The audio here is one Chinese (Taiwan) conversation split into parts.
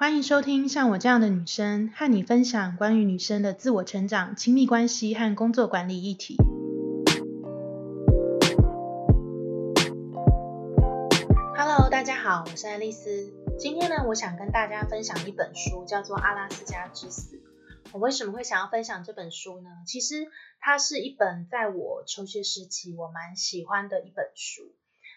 歡迎收聽像我這樣的女生，和你分享關於女生的自我成長、親密關係和工作管理議題。Hello，大家好，我是艾莉絲。今天呢，我想跟大家分享一本書，叫做《阿拉斯加之死》。我為什麼會想要分享這本書呢？其實它是一本在我求學時期我蠻喜歡的一本書。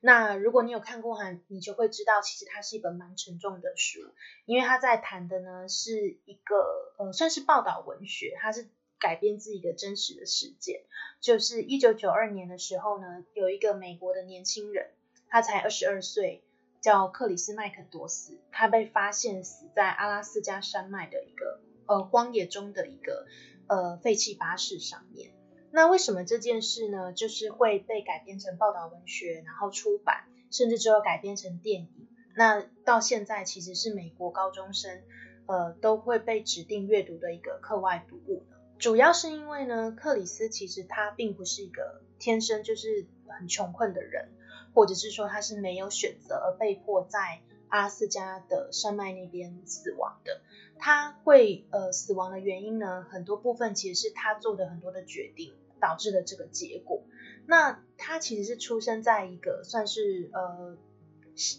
那如果你有看過哈，你就會知道，其實它是一本蠻沉重的書，因為它在談的呢是一個呃、嗯、算是報道文學，它是改編自一個真實的世界。就是一九九二年的時候呢，有一個美國的年輕人，他才二十二歲，叫克里斯麥肯多斯，他被發現死在阿拉斯加山脈的一個呃荒野中的一個呃廢棄巴士上面。那為什麼這件事呢，就是會被改編成報道文學，然後出版，甚至之後改編成電影。那到現在其實是美國高中生，呃，都會被指定閱讀的一個課外讀物的。主要是因為呢，克里斯其實他並不是一個天生就是很窮困的人，或者是說他是沒有選擇而被迫在阿拉斯加的山脈那邊死亡的。他會呃死亡的原因呢，很多部分其實是他做的很多的決定。導致的這個結果，那他其實是出生在一個算是呃，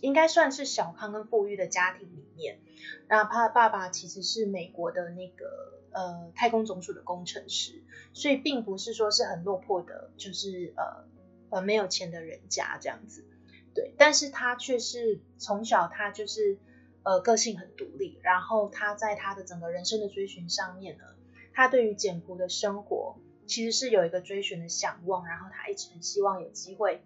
應該算是小康跟富裕的家庭裡面。那他的爸爸其實是美國的那個呃太空總署的工程師，所以並不是說是很落魄的，就是呃呃沒有錢的人家這樣子。對，但是他卻是從小他就是呃個性很獨立，然後他在他的整個人生的追尋上面呢，他對於簡樸的生活。其實是有一個追尋的想望，然後他一直很希望有機會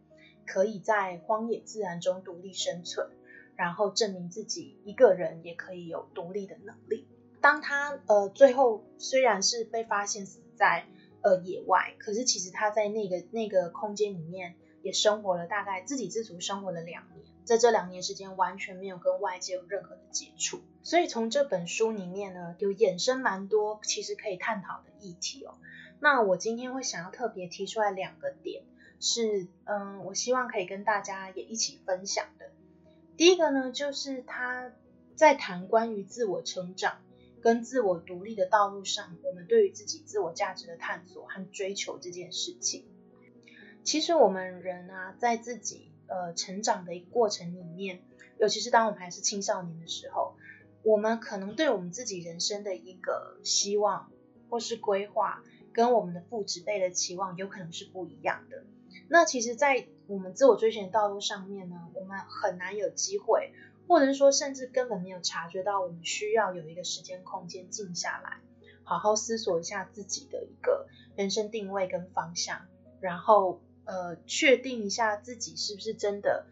可以在荒野自然中獨立生存，然後證明自己一個人也可以有獨立的能力。當他呃最後雖然是被發現死在呃野外，可是其實他在那個那個空間裡面也生活了大概自給自足生活了兩年，在這兩年時間完全沒有跟外界有任何的接觸。所以從這本書裡面呢有衍生蠻多其實可以探討的議題哦。那我今天會想要特別提出來兩個點，是嗯，我希望可以跟大家也一起分享的。第一個呢，就是他在談關於自我成長跟自我獨立的道路上，我們對於自己自我價值的探索和追求這件事情。其實我們人啊，在自己呃成長的一個過程裡面，尤其是當我們還是青少年的時候，我們可能對我們自己人生的一個希望或是規劃。跟我們的父執輩的期望有可能是不一樣的。那其實，在我們自我追尋的道路上面呢，我們很難有機會，或者說甚至根本沒有察覺到，我們需要有一個時間空間靜下來，好好思索一下自己的一個人生定位跟方向，然後呃，確定一下自己是不是真的。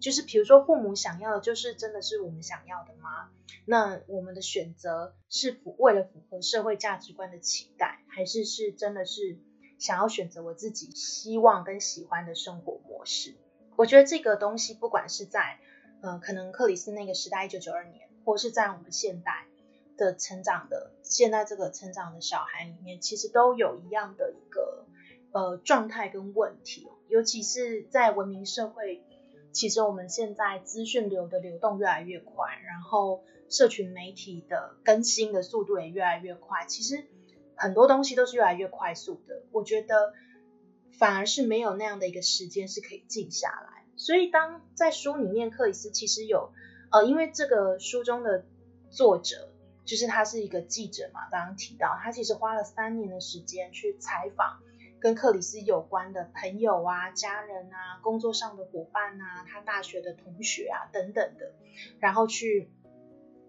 就是比如說，父母想要的，就是真的是我們想要的嗎？那我們的選擇是符，為了符合社會價值觀的期待，還是是真的是想要選擇我自己希望跟喜歡的生活模式？我覺得這個東西，不管是在呃，可能克里斯那個時代一九九二年，或是在我們現代的成長的現在這個成長的小孩裡面，其實都有一樣的一個呃狀態跟問題，尤其是在文明社會。其實我們現在資訊流的流動越來越快，然後社群媒體的更新的速度也越來越快。其實很多東西都是越來越快速的，我覺得反而是沒有那樣的一個時間是可以靜下來。所以當在書裡面，克里斯其實有呃，因為這個書中的作者就是他是一個記者嘛，剛剛提到他其實花了三年的時間去採訪。跟克里斯有關的朋友啊、家人啊、工作上的夥伴啊、他大學的同學啊等等的，然後去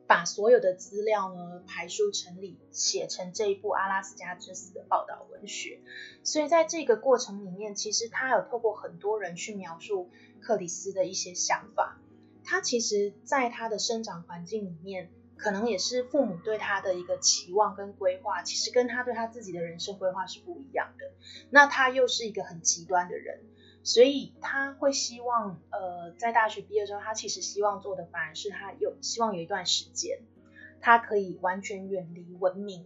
把所有的資料呢爬梳整理，寫成這一部《阿拉斯加之死》的報道文學。所以在這個過程裡面，其實他有透過很多人去描述克里斯的一些想法。他其實在他的生長環境裡面。可能也是父母對他的一個期望跟規劃，其實跟他對他自己的人生規劃是不一樣的。那他又是一個很極端的人，所以他會希望，呃，在大學畢業之後，他其實希望做的反而是他有希望有一段時間，他可以完全遠離文明，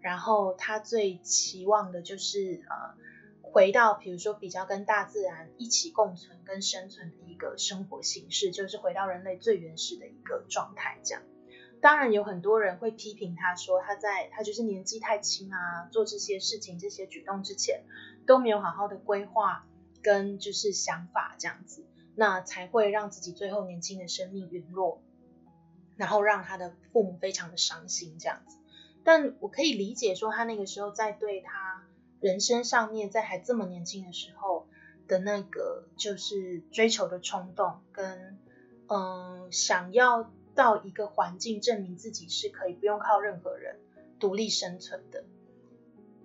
然後他最期望的就是呃，回到比如說比較跟大自然一起共存跟生存的一個生活形式，就是回到人類最原始的一個狀態這樣。當然有很多人會批評他，說他在他就是年紀太輕啊，做這些事情、這些舉動之前都沒有好好的規劃跟就是想法這樣子，那才會讓自己最後年輕的生命隕落，然後讓他的父母非常的傷心這樣子。但我可以理解說他那個時候在對他人生上面，在還這麼年輕的時候的那個就是追求的衝動跟嗯想要。到一個環境證明自己是可以不用靠任何人獨立生存的。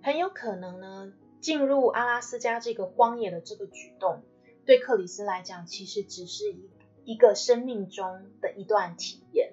很有可能呢，進入阿拉斯加這個荒野的這個舉動，對克里斯來講其實只是一一個生命中的一段體驗，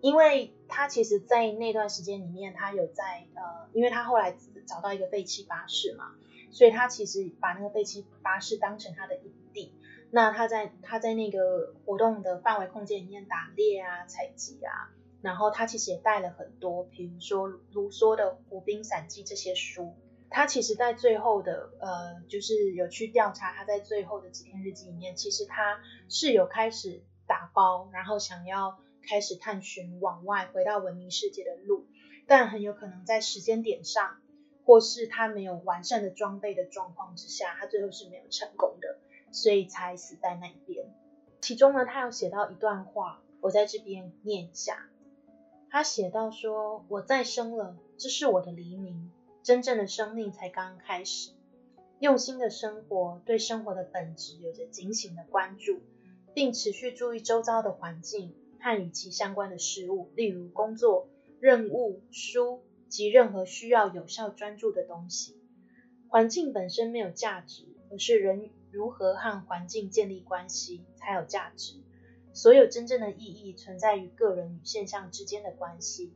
因為他其實，在那段時間裡面，他有在呃，因為他後來找到一個廢棄巴士嘛，所以他其實把那個廢棄巴士當成他的營地。那他在他在那個活動的範圍空間裡面打獵啊、採集啊，然後他其實也帶了很多，比如說盧梭的《湖濱散記》這些書。他其實，在最後的呃，就是有去調查，他在最後的幾篇日記裡面，其實他是有開始打包，然後想要開始探尋往外回到文明世界的路，但很有可能在時間點上，或是他沒有完善的裝備的狀況之下，他最後是沒有成功的。所以才死在那邊。其中呢，他有寫到一段話，我在這邊念一下。他寫到說：“我再生了，這是我的黎明，真正的生命才剛剛開始。用心的生活，對生活的本質有着警醒的關注，並持續注意周遭的環境和與其相關的事物，例如工作、任務、書及任何需要有效專注的東西。環境本身沒有價值，而是人。”如何和環境建立關係才有價值？所有真正的意義存在於個人與現象之間的關係，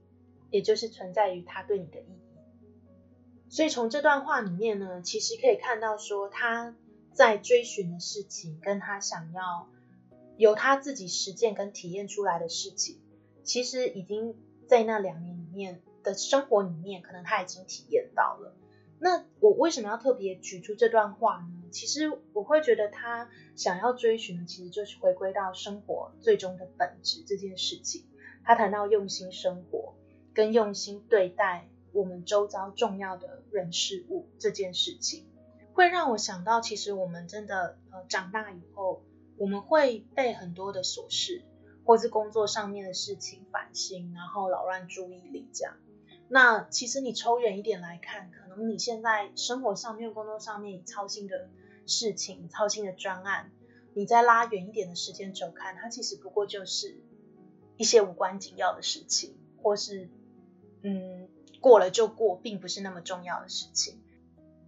也就是存在於他對你的意義。所以從這段話裡面呢，其實可以看到說他在追尋的事情，跟他想要由他自己實踐跟體驗出來的事情，其實已經在那兩年裡面的生活裡面，可能他已經體驗到了。那我為什麼要特別舉出這段話呢？其實我會覺得他想要追尋的，其實就是回歸到生活最終的本質這件事情。他談到用心生活，跟用心對待我們周遭重要的人事物這件事情，會讓我想到，其實我們真的呃長大以後，我們會被很多的瑣事，或是工作上面的事情煩心，然後擾亂注意力這樣。那其實你抽遠一點來看，可能你現在生活上面、工作上面你操心的事情、操心的專案，你再拉遠一點的時間軸看，它其實不過就是一些無關緊要的事情，或是嗯過了就過，並不是那麼重要的事情。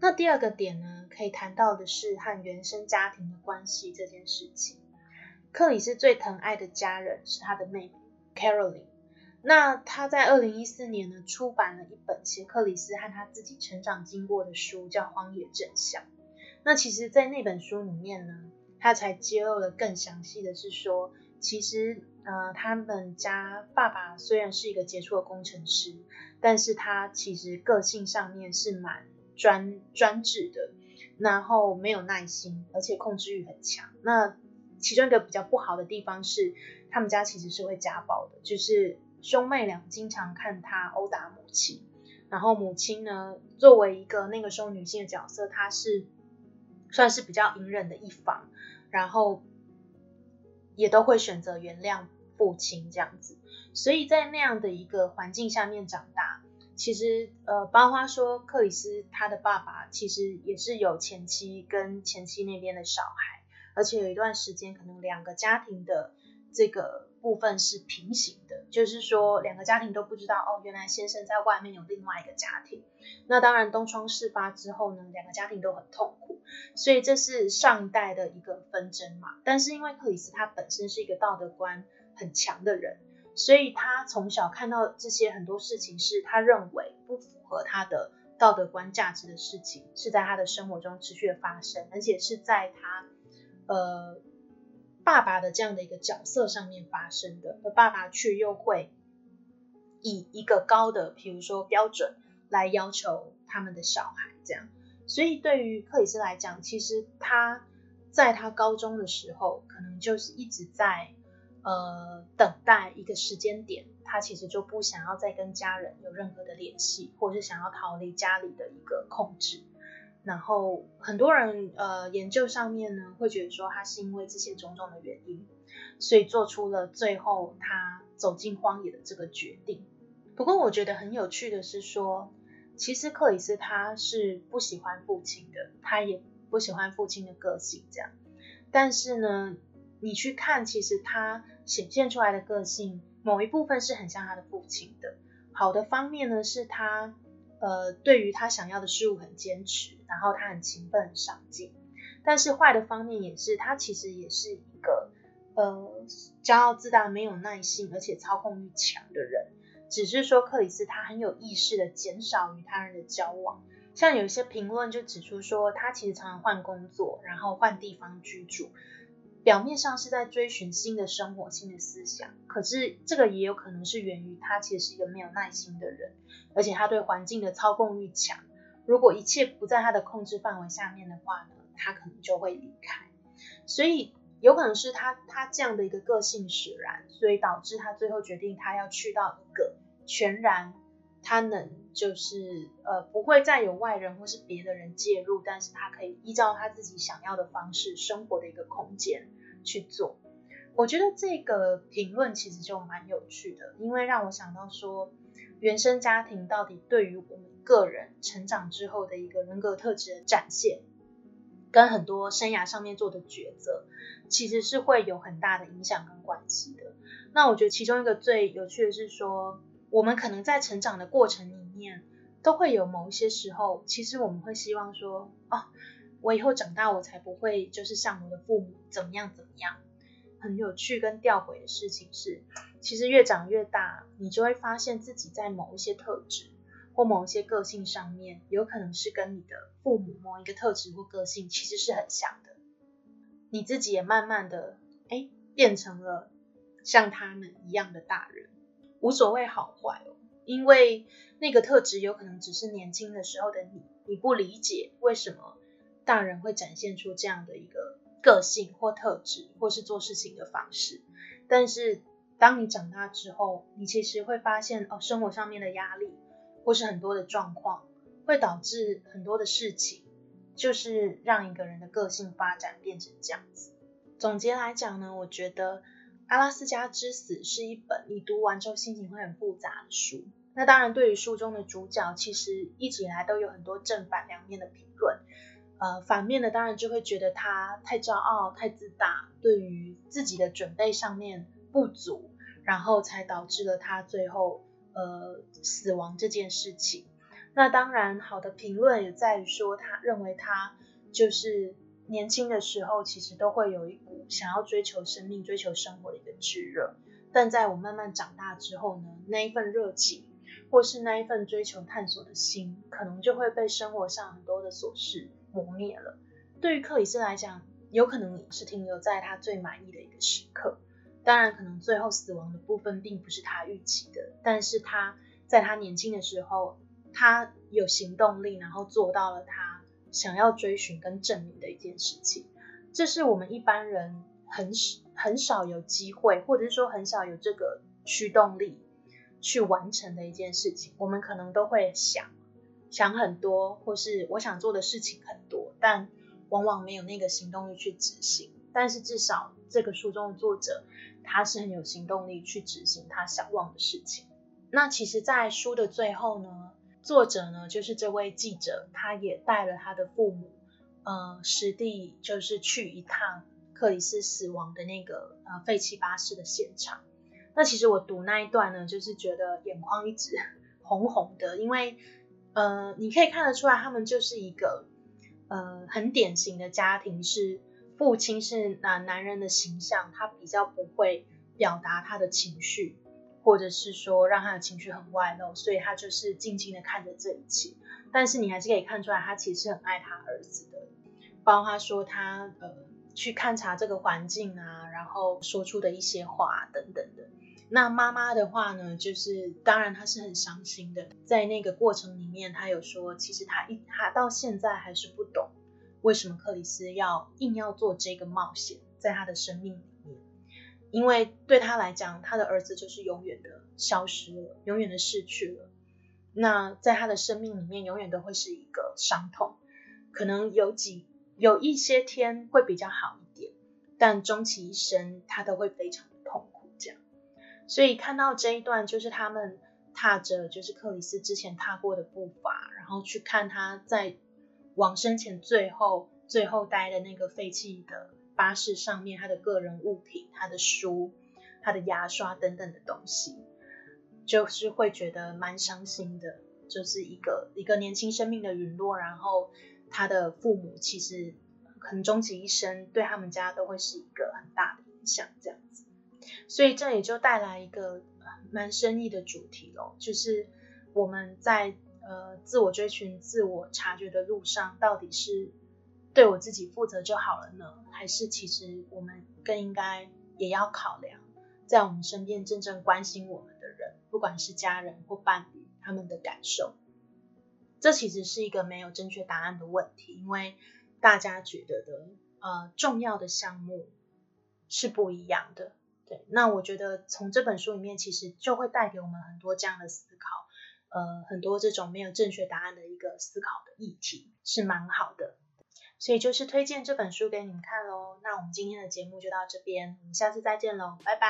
那第二個點呢，可以談到的是和原生家庭的關係這件事情。克里斯最疼愛的家人是他的妹妹 Caroline。Carole. 那他在二零一四年呢，出版了一本寫克里斯和他自己成長經過的書，叫《荒野真相》。那其實，在那本書裡面呢，他才揭露了更詳細的是說，其實呃，他們家爸爸雖然是一個傑出的工程師，但是他其實個性上面是蠻專專制的，然後沒有耐心，而且控制欲很強。那其中一個比較不好的地方是，他們家其實是會家暴的，就是。兄妹倆經常看他毆打母親，然後母親呢，作為一個那個時候女性的角色，她是算是比較隱忍的一方，然後也都會選擇原諒父親這樣子。所以在那樣的一個環境下面長大，其實呃，包括說克里斯他的爸爸其實也是有前妻跟前妻那邊的小孩，而且有一段時間可能兩個家庭的這個。部分是平行的，就是說兩個家庭都不知道哦，原來先生在外面有另外一個家庭。那當然，東窗事發之後呢，兩個家庭都很痛苦。所以這是上一代的一個紛爭嘛。但是因為克里斯他本身是一個道德觀很強的人，所以他從小看到這些很多事情，是他認為不符合他的道德觀價值的事情，是在他的生活中持續發生，而且是在他呃。爸爸的這樣的一個角色上面發生的，而爸爸卻又會以一個高的，比如說標準來要求他們的小孩，這樣。所以對於克里斯來講，其實他在他高中的時候，可能就是一直在呃等待一個時間點，他其實就不想要再跟家人有任何的聯繫，或是想要逃離家裡的一個控制。然後很多人呃研究上面呢，會覺得說他是因為這些種種的原因，所以做出了最後他走進荒野的這個決定。不過我覺得很有趣的是說，其實克里斯他是不喜歡父親的，他也不喜歡父親的個性這樣。但是呢，你去看其實他顯現出來的個性某一部分是很像他的父親的。好的方面呢，是他。呃，對於他想要的事物很堅持，然後他很勤奮、很上進。但是壞的方面也是，他其實也是一個呃驕傲自大、沒有耐性，而且操控欲強的人。只是說，克里斯他很有意識的減少與他人的交往。像有一些評論就指出說，他其實常常換工作，然後換地方居住。表面上是在追尋新的生活、新的思想，可是這個也有可能是源於他其實是一個沒有耐心的人，而且他對環境的操控欲強。如果一切不在他的控制範圍下面的話呢，他可能就會離開。所以有可能是他他這樣的一個個性使然，所以導致他最後決定他要去到一個全然他能。就是呃，不會再有外人或是別的人介入，但是他可以依照他自己想要的方式生活的一個空間去做。我覺得這個評論其實就蠻有趣的，因為讓我想到說，原生家庭到底對於我們個人成長之後的一個人格特質的展現，跟很多生涯上面做的抉擇，其實是會有很大的影響跟關係的。那我覺得其中一個最有趣的是說。我們可能在成長的過程裡面，都會有某一些時候，其實我們會希望說，哦、啊，我以後長大，我才不會就是像我的父母怎麼樣怎麼樣。很有趣跟吊詭的事情是，其實越長越大，你就會發現自己在某一些特質或某一些個性上面，有可能是跟你的父母某一個特質或個性其實是很像的。你自己也慢慢的，哎，變成了像他們一樣的大人。無所謂好壞哦，因為那個特質有可能只是年輕的時候的你，你不理解為什麼大人會展現出這樣的一個個性或特質，或是做事情的方式。但是當你長大之後，你其實會發現，哦，生活上面的壓力或是很多的狀況，會導致很多的事情，就是讓一個人的個性發展變成這樣子。總結來講呢，我覺得。阿拉斯加之死是一本你讀完之後心情會很複雜的書。那當然，對於書中的主角，其實一直以來都有很多正反兩面的評論。呃，反面的當然就會覺得他太驕傲、太自大，對於自己的準備上面不足，然後才導致了他最後呃死亡這件事情。那當然，好的評論也在於說，他認為他就是。年輕的時候，其實都會有一股想要追求生命、追求生活的一個炙熱。但在我慢慢長大之後呢，那一份熱情，或是那一份追求探索的心，可能就會被生活上很多的瑣事磨滅了。對於克里斯來講，有可能是停留在他最滿意的一個時刻。當然，可能最後死亡的部分並不是他預期的，但是他在他年輕的時候，他有行動力，然後做到了他。想要追尋跟證明的一件事情，這是我們一般人很很少有機會，或者是說很少有這個驅動力去完成的一件事情。我們可能都會想想很多，或是我想做的事情很多，但往往沒有那個行動力去執行。但是至少這個書中的作者，他是很有行動力去執行他想望的事情。那其實，在書的最後呢，作者呢，就是這位記者，他也帶了他的父母，呃，實地就是去一趟克里斯死亡的那個呃廢棄巴士的現場。那其實我讀那一段呢，就是覺得眼眶一直紅紅的，因為，呃，你可以看得出來，他們就是一個呃很典型的家庭，是父親是男男人的形象，他比較不會表達他的情緒。或者是說讓他的情緒很外露，所以他就是靜靜的看着這一切。但是你還是可以看出來，他其實很愛他兒子的，包括他說他呃去勘察這個環境啊，然後說出的一些話、啊、等等的。那媽媽的話呢，就是當然他是很傷心的，在那個過程裡面，他有說其實他一他到現在還是不懂為什麼克里斯要硬要做這個冒險，在他的生命裡。因為對他來講，他的兒子就是永遠的消失了，永遠的逝去了。那在他的生命裡面，永遠都會是一個傷痛。可能有幾有一些天會比較好一點，但終其一生，他都會非常的痛苦。這樣，所以看到這一段，就是他們踏着就是克里斯之前踏過的步伐，然後去看他在往生前最後最後待的那個廢棄的。巴士上面他的個人物品、他的書、他的牙刷等等的東西，就是會覺得蠻傷心的。就是一個一個年輕生命的隕落，然後他的父母其實很終其一生，對他們家都會是一個很大的影響，這樣子。所以這也就帶來一個蠻深意的主題咯，就是我們在呃自我追尋、自我察覺的路上，到底是對我自己負責就好了呢？還是其實我們更應該也要考量在我們身邊真正關心我們的人，不管是家人或伴侶，他們的感受。這其實是一個沒有正確答案的問題，因為大家覺得的呃重要的項目是不一樣的。對，那我覺得從這本書裡面其實就會帶給我們很多這樣的思考，呃，很多這種沒有正確答案的一個思考的議題是蠻好的。所以就是推薦這本書給你們看嘍。那我們今天的節目就到這邊，我們下次再見嘍，拜拜。